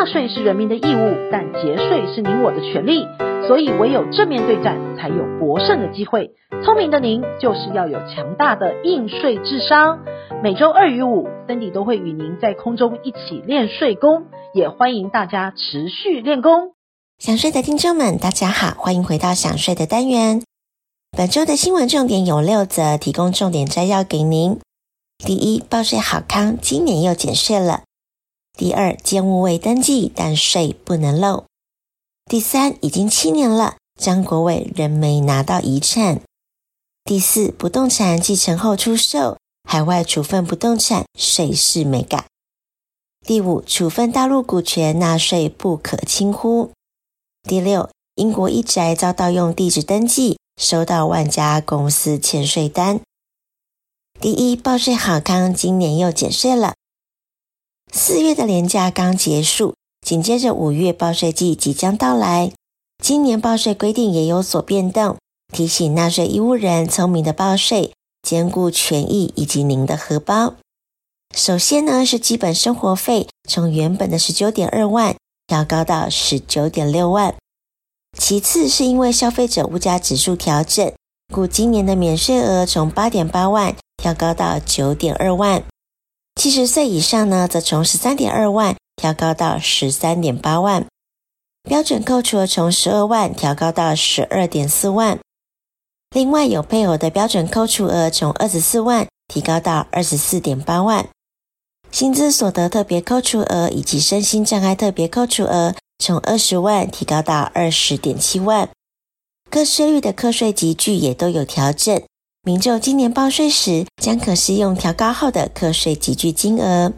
納稅是人民的義務，但節稅是您我的權利。所以唯有正面對戰，才有博勝的機會。聰明的您，就是要有強大的應稅智商。每週二與五，Cindy 都會與您在空中一起練稅功，也歡迎大家持續練功。享稅的聽眾們，大家好，歡迎回到享稅的單元。本週的新聞重點有六則，提供重點摘要給您。第一，報稅好康，今年又減稅了。第二，建物未登記，但稅不能漏。第三，已經七年了，張國緯仍沒拿到遺產。第四，不動產繼承後出售，海外處分不動產，稅事眉角。第五，處分大陸股權納稅不可輕忽。第六，英國一宅遭盜用地址登記，收到萬家公司欠稅單。第一，報稅好康，今年又減稅了。四月的連假剛結束，緊接着五月報稅季即將到來。今年報稅規定也有所變動，提醒納稅義務人聰明的報稅，兼顧權益以及您的荷包。首先呢，是基本生活費從原本的十九點二萬調高到十九點六萬。其次是因為消費者物價指數調整，故今年的免稅額從八點八萬調高到九點二萬。七十歲以上呢，則從十三點二萬調高到十三點八萬；標準扣除額從十二萬調高到十二點四萬；另外有配偶的標準扣除額從二十四萬提高到二十四點八萬；薪資所得特別扣除額以及身心障礙特別扣除額，從二十萬提高到二十點七萬；各稅率的課稅級距也都有調整。民眾今年報稅時，將可適用調高後的課稅級距金額。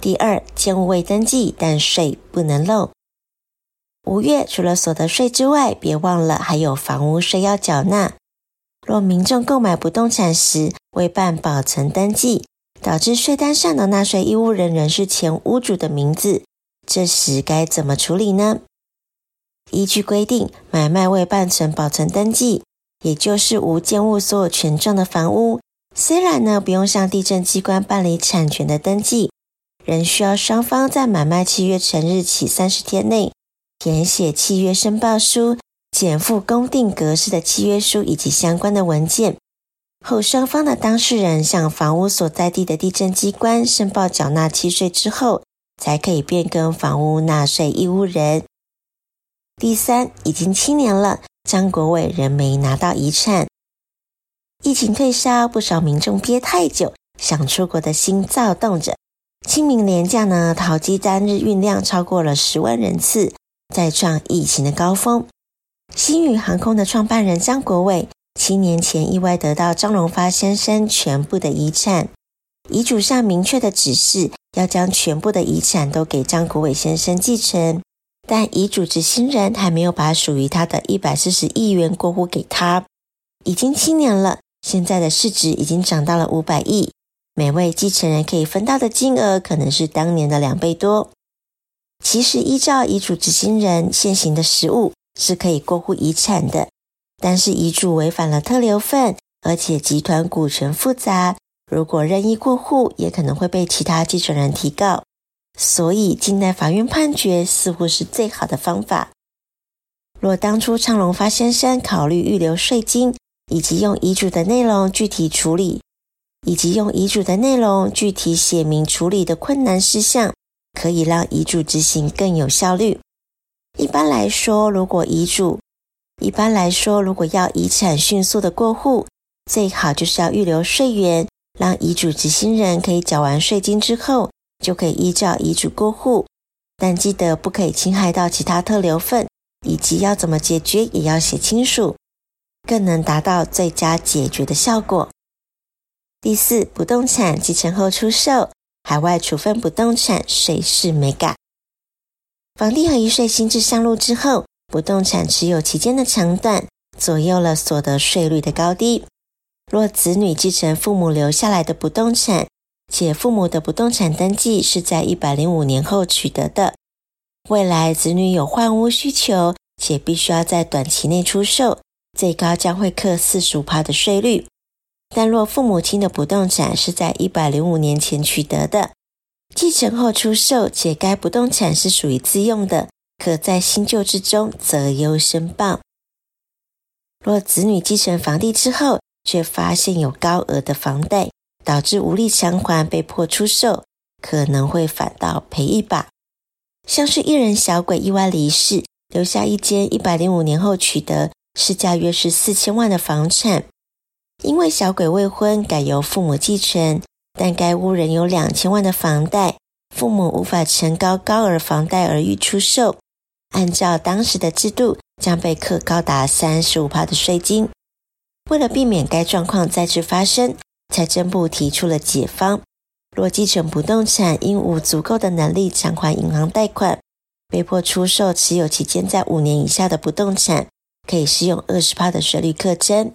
第二，建物未登記，但稅不能漏。五月除了所得稅之外，別忘了還有房屋稅要繳納。若民眾購買不動產時，未辦保存登記，導致稅單上的納稅義務人仍是前屋主的名字，這時該怎麼處理呢？依據規定，買賣未辦成保存登記。也就是無建物所有權證的房屋，雖然呢不用向地政機關辦理產權的登記，仍需要雙方在買賣契約成立日起三十天內填寫契約申報書、檢附公定格式的契約書以及相關的文件。後雙方的當事人向房屋所在地的地政機關申報繳納契稅之後，才可以變更房屋納稅義務人。第三，已經七年了。張國緯仍沒拿到遺產。疫情退燒，不少民眾憋太久，想出國的心躁動着。清明連假呢，桃機單日運量超過了十萬人次，再創疫情的高峰。星宇航空的創辦人張國緯，七年前意外得到張榮發先生全部的遺產，遺囑上明確的指示，要將全部的遺產都給張國緯先生繼承。但遺囑執行人還沒有把屬於他的一百四十億元過戶給他，已經七年了。現在的市值已經漲到了五百億，每位繼承人可以分到的金額可能是當年的兩倍多。其實依照遺囑執行人現行的實務是可以過戶遺產的，但是遺囑違反了特留份，而且集團股權複雜，如果任意過戶也可能會被其他繼承人提告。所以，靜待法院判決似乎是最好的方法。若當初張榮發先生考慮預留稅金，以及用遺囑的內容具體處理，以及用遺囑的內容具體寫明處理的困難事項，可以讓遺囑執行更有效率。一般來說，如果遺囑一般來說，如果要遺產迅速的過戶，最好就是要預留稅源，讓遺囑執行人可以繳完稅金之後。就可以依照遺囑過戶，但記得不可以侵害到其他特留份，以及要怎麼解決也要寫清楚，更能達到最佳解決的效果。第四，不動產繼承後出售，海外處分不動產，稅事眉角。房地合一稅新制上路之後，不動產持有期間的長短，左右了所得稅率的高低。若子女繼承父母留下來的不動產，且父母的不動產登記是在一百零五年後取得的，未來子女有換屋需求且必須要在短期內出售，最高將會課四十五趴的稅率。但若父母親的不動產是在一百零五年前取得的，繼承後出售且該不動產是屬於自用的，可在新舊之中擇優申報。若子女繼承房地之後，卻發現有高額的房貸。導致無力償還，被迫出售，可能會反倒賠一把。像是藝人小鬼意外離世，留下一間一百零五年後取得，市價約是四千萬的房產。因為小鬼未婚，改由父母繼承，但該屋仍有兩千萬的房貸，父母無法承高高額房貸而欲出售。按照當時的制度，將被課高達三十五％的稅金。為了避免該狀況再次發生，財政部提出了解方，若繼承不動產因無足夠的能力償還銀行貸款，被迫出售持有期間在五年以下的不動產，可以適用二十趴的稅率課徵。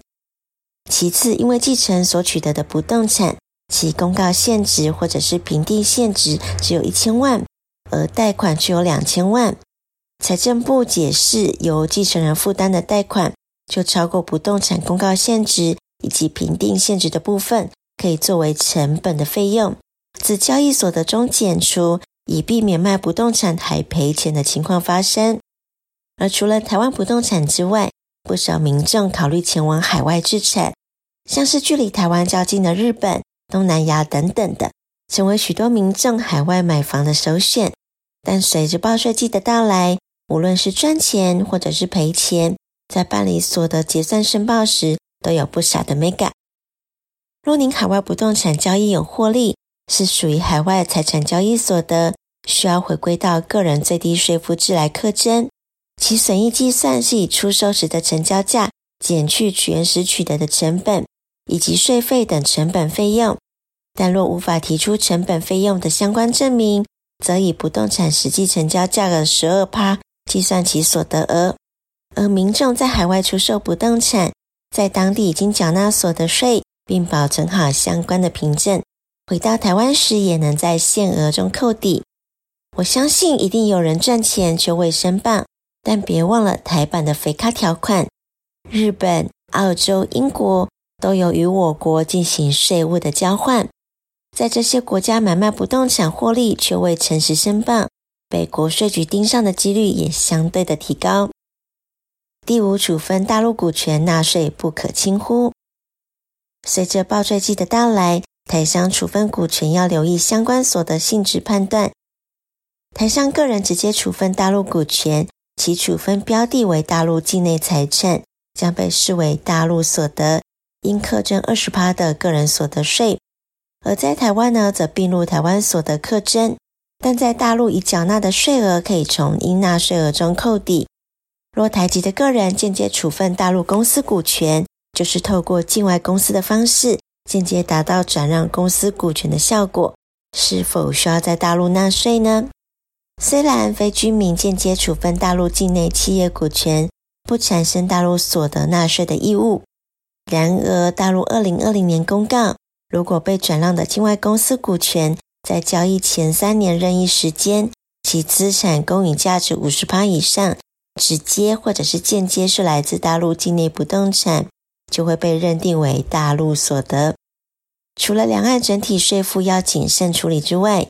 其次，因為繼承所取得的不動產，其公告現值或者是評定現值只有一千萬，而貸款却有兩千萬，財政部解釋，由繼承人負擔的貸款就超過不動產公告現值。以及評定現值的部分，可以作為成本的費用，自交易所得中減除，以避免賣不動產還賠錢的情況發生。而除了台灣不動產之外，不少民眾考慮前往海外置產，像是距離台灣較近的日本、東南亞等等的，成為許多民眾海外買房的首選。但隨着報稅季的到來，無論是賺錢或者是賠錢，在辦理所得結算申報時。都有不少的 Mega。若您海外不動產交易有獲利，是屬於海外財產交易所得，需要回歸到個人最低稅負制來課徵。其損益計算是以出售時的成交價減去取原時取得的成本以及稅費等成本費用，但若無法提出成本費用的相關證明，則以不動產實際成交價格十二趴計算其所得額。而民眾在海外出售不動產，在當地已經繳納所得稅，並保存好相關的憑證，回到台灣時也能在限額中扣抵。我相信一定有人賺錢卻未申報，但別忘了台版的肥咖條款，日本、澳洲、英國都有與我國進行稅務的交換，在這些國家買賣不動產獲利卻未誠實申報，被國稅局盯上的幾率也相對的提高。第五，處分大陸股權納稅不可輕忽。隨着報稅季的到來，台商處分股權要留意相關所得性質判斷。台商個人直接處分大陸股權，其處分標的為大陸境內財產，將被視為大陸所得，應課徵二十％的個人所得稅。而在台灣呢，則併入台灣所得課徵，但在大陸已繳納的稅額可以從應納稅額中扣抵。若台籍的個人間接處分大陸公司股權，就是透過境外公司的方式間接達到轉讓公司股權的效果，是否需要在大陸納稅呢？雖然非居民間接處分大陸境內企業股權不產生大陸所得納稅的義務，然而大陸二零二零年公告，如果被轉讓的境外公司股權在交易前三年任意時間其資產公允價值五十趴以上，直接或者是間接是來自大陸境內不動產，就會被認定為大陸所得。除了兩岸整體稅負要謹慎處理之外，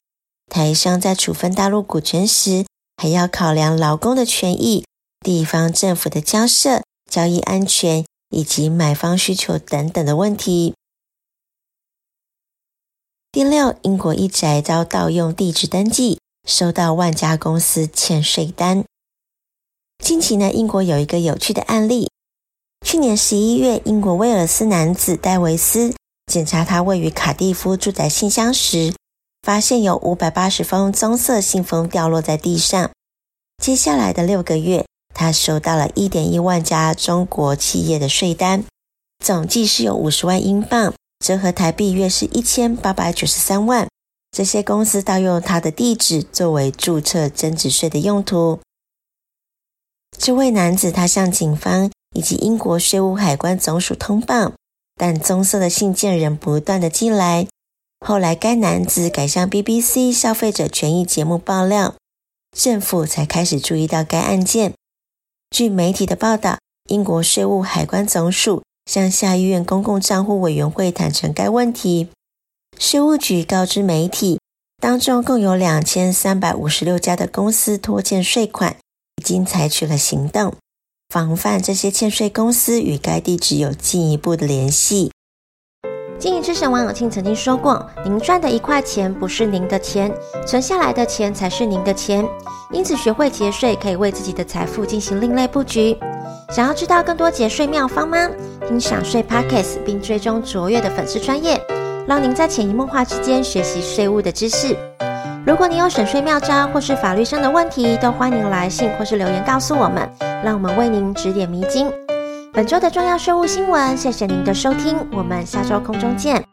台商在處分大陸股權時，還要考量勞工的權益、地方政府的交涉、交易安全以及買方需求等等的問題。第六，英國一宅遭盜用地址登記，收到萬家公司欠稅單。近期呢，英國有一個有趣的案例。去年十一月，英國威爾斯男子戴維斯檢查他位於卡蒂夫住宅信箱時，發現有五百八十封棕色信封掉落在地上。接下來的六個月，他收到了一點一萬家中國企業的稅單，總計是有五十萬英鎊，折合台幣約是一千八百九十三萬。這些公司盜用他的地址作為註冊增值稅的用途。這位男子他向警方以及英國稅務海關總署通報，但棕色的信件仍不斷的進來。後來，該男子改向 BBC 消費者權益節目爆料，政府才開始注意到該案件。據媒體的報道，英國稅務海關總署向下議院公共賬戶委員會坦承該問題。稅務局告知媒體，當中共有兩千三百五十六家的公司拖欠稅款。已經採取了行動，防範這些欠稅公司與該地址有進一步的聯繫。經營之神王永慶曾經說過：“您賺的一塊錢不是您的錢，存下來的錢才是您的錢。”因此，學會節稅可以為自己的財富進行另類布局。想要知道更多節稅妙方嗎？聽享稅 Podcast 並追蹤卓越的粉絲專業，讓您在潛移默化之間學習稅務的知識。如果你有省稅妙招或是法律上的問題，都歡迎來信或是留言告訴我們，讓我們為您指點迷津。本周的重要稅務新聞，謝謝您的收聽，我們下周空中見。